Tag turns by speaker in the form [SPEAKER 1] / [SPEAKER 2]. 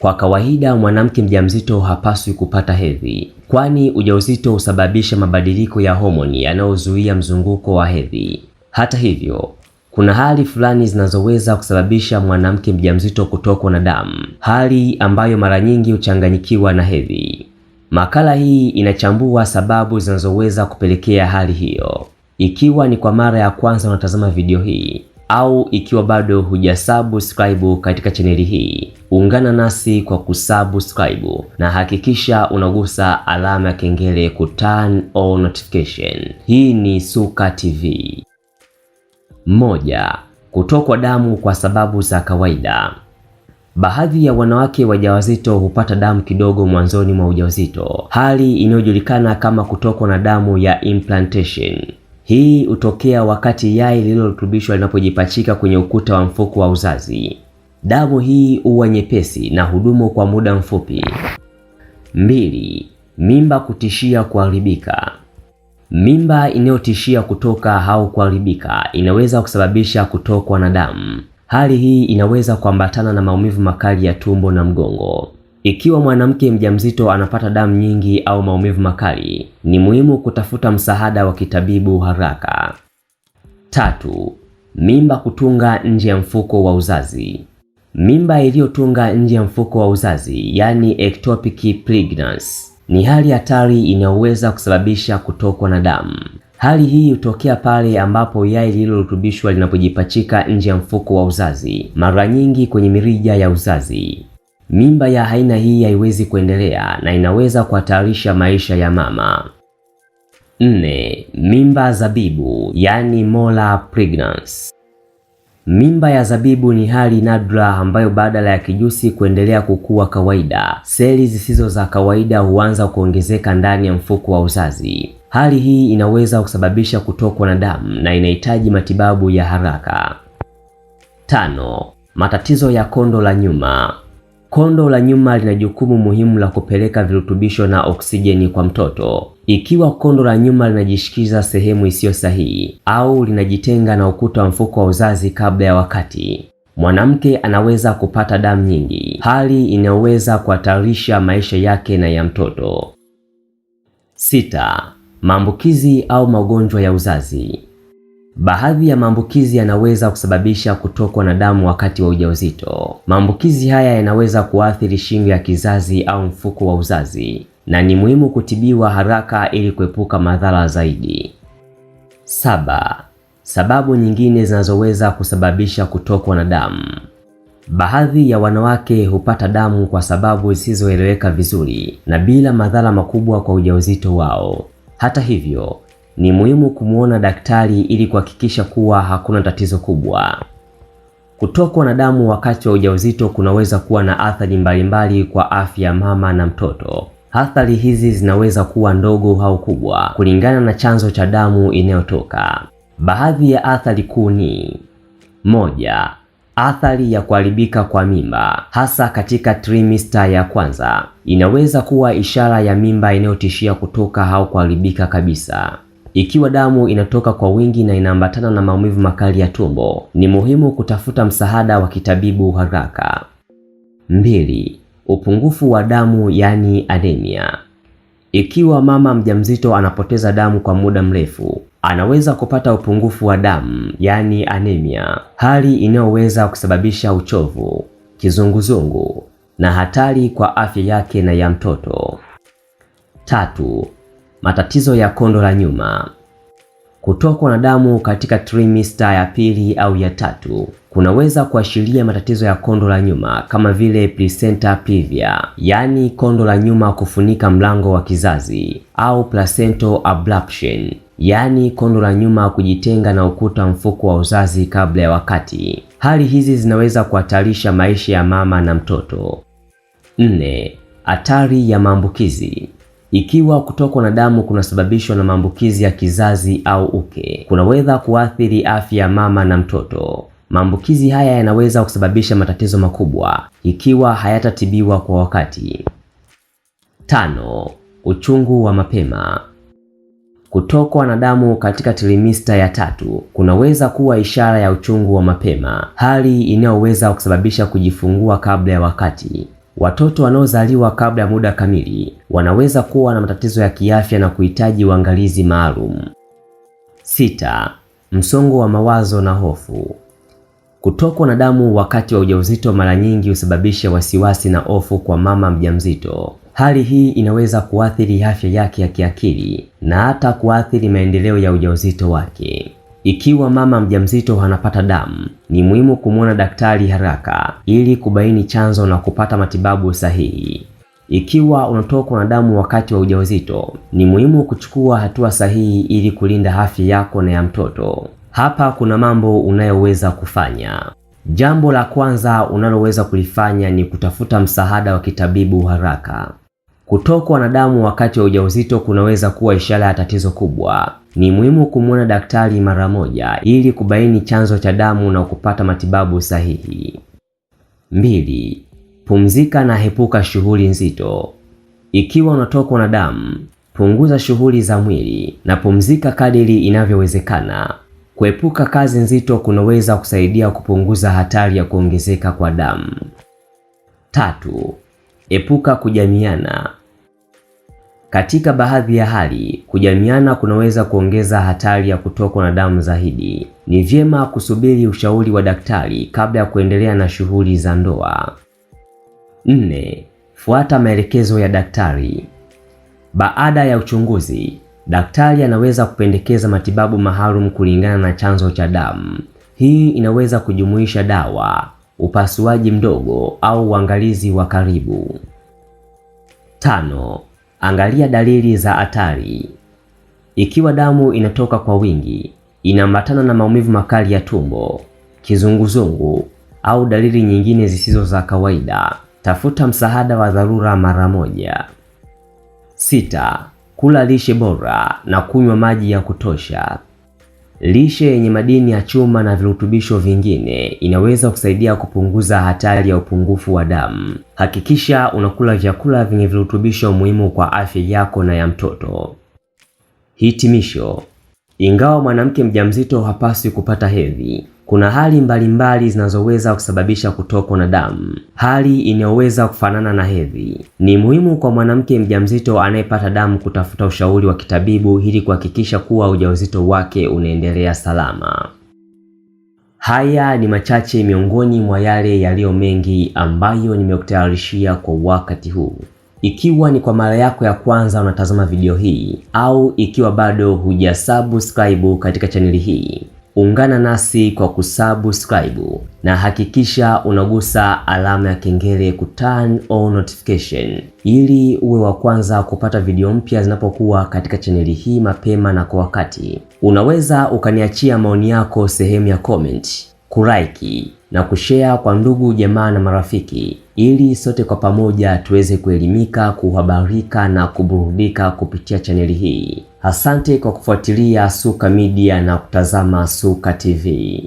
[SPEAKER 1] Kwa kawaida mwanamke mjamzito hapaswi kupata hedhi, kwani ujauzito husababisha mabadiliko ya homoni yanayozuia mzunguko wa hedhi. Hata hivyo, kuna hali fulani zinazoweza kusababisha mwanamke mjamzito kutokwa na damu, hali ambayo mara nyingi huchanganyikiwa na hedhi. Makala hii inachambua sababu zinazoweza kupelekea hali hiyo. Ikiwa ni kwa mara ya kwanza unatazama video hii, au ikiwa bado hujasubscribe katika chaneli hii, ungana nasi kwa kusubscribe na hakikisha unagusa alama ya kengele ku turn on notification. Hii ni Suka TV. Moja, kutokwa damu kwa sababu za kawaida. Baadhi ya wanawake wajawazito hupata damu kidogo mwanzoni mwa ujauzito, hali inayojulikana kama kutokwa na damu ya implantation. Hii hutokea wakati yai lililorutubishwa linapojipachika kwenye ukuta wa mfuko wa uzazi. Damu hii huwa nyepesi na hudumu kwa muda mfupi. Mbili, mimba kutishia kuharibika. Mimba inayotishia kutoka au kuharibika inaweza kusababisha kutokwa na damu. Hali hii inaweza kuambatana na maumivu makali ya tumbo na mgongo. Ikiwa mwanamke mjamzito anapata damu nyingi au maumivu makali, ni muhimu kutafuta msaada wa kitabibu haraka. Tatu, mimba kutunga nje ya mfuko wa uzazi. Mimba iliyotunga nje ya mfuko wa uzazi, yani ectopic pregnancy, ni hali hatari inayoweza kusababisha kutokwa na damu. Hali hii hutokea pale ambapo yai lililorutubishwa linapojipachika nje ya mfuko wa uzazi, mara nyingi kwenye mirija ya uzazi. Mimba ya aina hii haiwezi kuendelea na inaweza kuhatarisha maisha ya mama. Nne, mimba zabibu yani molar pregnancy. Mimba ya zabibu ni hali nadra ambayo badala ya kijusi kuendelea kukua kawaida, seli zisizo za kawaida huanza kuongezeka ndani ya mfuko wa uzazi. Hali hii inaweza kusababisha kutokwa na damu na inahitaji matibabu ya haraka. Tano, matatizo ya kondo la nyuma Kondo la nyuma lina jukumu muhimu la kupeleka virutubisho na oksijeni kwa mtoto. Ikiwa kondo la nyuma linajishikiza sehemu isiyo sahihi au linajitenga na ukuta wa mfuko wa uzazi kabla ya wakati, mwanamke anaweza kupata damu nyingi, hali inayoweza kuhatarisha maisha yake na ya mtoto. Sita, maambukizi au magonjwa ya uzazi. Baadhi ya maambukizi yanaweza kusababisha kutokwa na damu wakati wa ujauzito. Maambukizi haya yanaweza kuathiri shingo ya kizazi au mfuko wa uzazi na ni muhimu kutibiwa haraka ili kuepuka madhara zaidi. Saba, sababu nyingine zinazoweza kusababisha kutokwa na damu. Baadhi ya wanawake hupata damu kwa sababu zisizoeleweka vizuri na bila madhara makubwa kwa ujauzito wao. Hata hivyo, ni muhimu kumwona daktari ili kuhakikisha kuwa hakuna tatizo kubwa. Kutokwa na damu wakati wa ujauzito kunaweza kuwa na athari mbalimbali kwa afya ya mama na mtoto. Athari hizi zinaweza kuwa ndogo au kubwa kulingana na chanzo cha damu inayotoka. Baadhi ya athari kuu ni moja, athari ya kuharibika kwa mimba hasa katika trimista ya kwanza. Inaweza kuwa ishara ya mimba inayotishia kutoka au kuharibika kabisa. Ikiwa damu inatoka kwa wingi na inaambatana na maumivu makali ya tumbo, ni muhimu kutafuta msaada wa kitabibu haraka. Mbili, upungufu wa damu yani anemia. Ikiwa mama mjamzito anapoteza damu kwa muda mrefu, anaweza kupata upungufu wa damu yani anemia, hali inayoweza kusababisha uchovu, kizunguzungu na hatari kwa afya yake na ya mtoto. Tatu, matatizo ya kondo la nyuma, kutokwa na damu katika trimester ya pili au ya tatu kunaweza kuashiria matatizo ya kondo la nyuma kama vile placenta previa, yaani kondo la nyuma kufunika mlango wa kizazi, au placental abruption, yaani kondo la nyuma kujitenga na ukuta mfuko wa uzazi kabla ya wakati. Hali hizi zinaweza kuhatarisha maisha ya mama na mtoto. Nne, hatari ya maambukizi. Ikiwa kutokwa na damu kunasababishwa na maambukizi ya kizazi au uke, kunaweza kuathiri afya ya mama na mtoto. Maambukizi haya yanaweza kusababisha matatizo makubwa ikiwa hayatatibiwa kwa wakati. Tano, uchungu wa mapema. Kutokwa na damu katika trimista ya tatu kunaweza kuwa ishara ya uchungu wa mapema, hali inayoweza kusababisha kujifungua kabla ya wakati. Watoto wanaozaliwa kabla ya muda kamili wanaweza kuwa na matatizo ya kiafya na kuhitaji uangalizi maalum. Sita, msongo wa mawazo na hofu. Kutokwa na damu wakati wa ujauzito mara nyingi husababisha wasiwasi na hofu kwa mama mjamzito. Hali hii inaweza kuathiri afya yake ya kiakili na hata kuathiri maendeleo ya ujauzito wake. Ikiwa mama mjamzito anapata damu, ni muhimu kumwona daktari haraka ili kubaini chanzo na kupata matibabu sahihi. Ikiwa unatokwa na damu wakati wa ujauzito, ni muhimu kuchukua hatua sahihi ili kulinda afya yako na ya mtoto. Hapa kuna mambo unayoweza kufanya. Jambo la kwanza unaloweza kulifanya ni kutafuta msaada wa kitabibu haraka. Kutokwa na damu wakati wa ujauzito kunaweza kuwa ishara ya tatizo kubwa. Ni muhimu kumwona daktari mara moja ili kubaini chanzo cha damu na kupata matibabu sahihi. Mbili, pumzika na hepuka shughuli nzito. Ikiwa unatokwa na damu, punguza shughuli za mwili na pumzika kadiri inavyowezekana. Kuepuka kazi nzito kunaweza kusaidia kupunguza hatari ya kuongezeka kwa damu. Tatu, Epuka kujamiana. Katika baadhi ya hali, kujamiana kunaweza kuongeza hatari ya kutokwa na damu zaidi. Ni vyema kusubiri ushauri wa daktari kabla ya kuendelea na shughuli za ndoa. Nne, fuata maelekezo ya daktari. Baada ya uchunguzi, daktari anaweza kupendekeza matibabu maalum kulingana na chanzo cha damu. Hii inaweza kujumuisha dawa, upasuaji mdogo au uangalizi wa karibu. Tano, angalia dalili za hatari. Ikiwa damu inatoka kwa wingi, inaambatana na maumivu makali ya tumbo, kizunguzungu au dalili nyingine zisizo za kawaida, tafuta msaada wa dharura mara moja. Sita, kula lishe bora na kunywa maji ya kutosha. Lishe yenye madini ya chuma na virutubisho vingine inaweza kusaidia kupunguza hatari ya upungufu wa damu. Hakikisha unakula vyakula vyenye virutubisho muhimu kwa afya yako na ya mtoto. Hitimisho. Ingawa mwanamke mjamzito hapaswi kupata hedhi, kuna hali mbalimbali zinazoweza kusababisha kutokwa na damu, hali inayoweza kufanana na hedhi. Ni muhimu kwa mwanamke mjamzito anayepata damu kutafuta ushauri wa kitabibu ili kuhakikisha kuwa ujauzito wake unaendelea salama. Haya ni machache miongoni mwa yale yaliyo mengi ambayo nimekutayarishia kwa wakati huu. Ikiwa ni kwa mara yako ya kwanza unatazama video hii au ikiwa bado hujasubscribe katika chaneli hii, ungana nasi kwa kusubscribe na hakikisha unagusa alama ya kengele ku turn on notification ili uwe wa kwanza kupata video mpya zinapokuwa katika chaneli hii mapema na kwa wakati. Unaweza ukaniachia maoni yako sehemu ya comment, kulike na kushare kwa ndugu jamaa na marafiki, ili sote kwa pamoja tuweze kuelimika, kuhabarika na kuburudika kupitia chaneli hii. Asante kwa kufuatilia Suka Media na kutazama Suka TV.